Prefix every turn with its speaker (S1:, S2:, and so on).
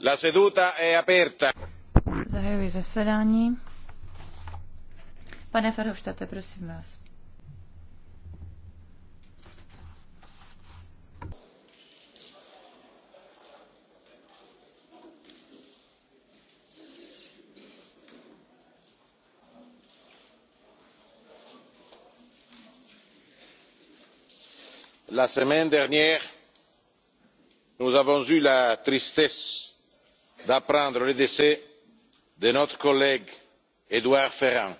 S1: La seduta
S2: Zahajuji zasedání. Pane Ferhofštate,
S3: prosím vás.
S4: La semaine dernière, nous avons eu la tristesse d'apprendre le décès de notre collègue édouard ferrand.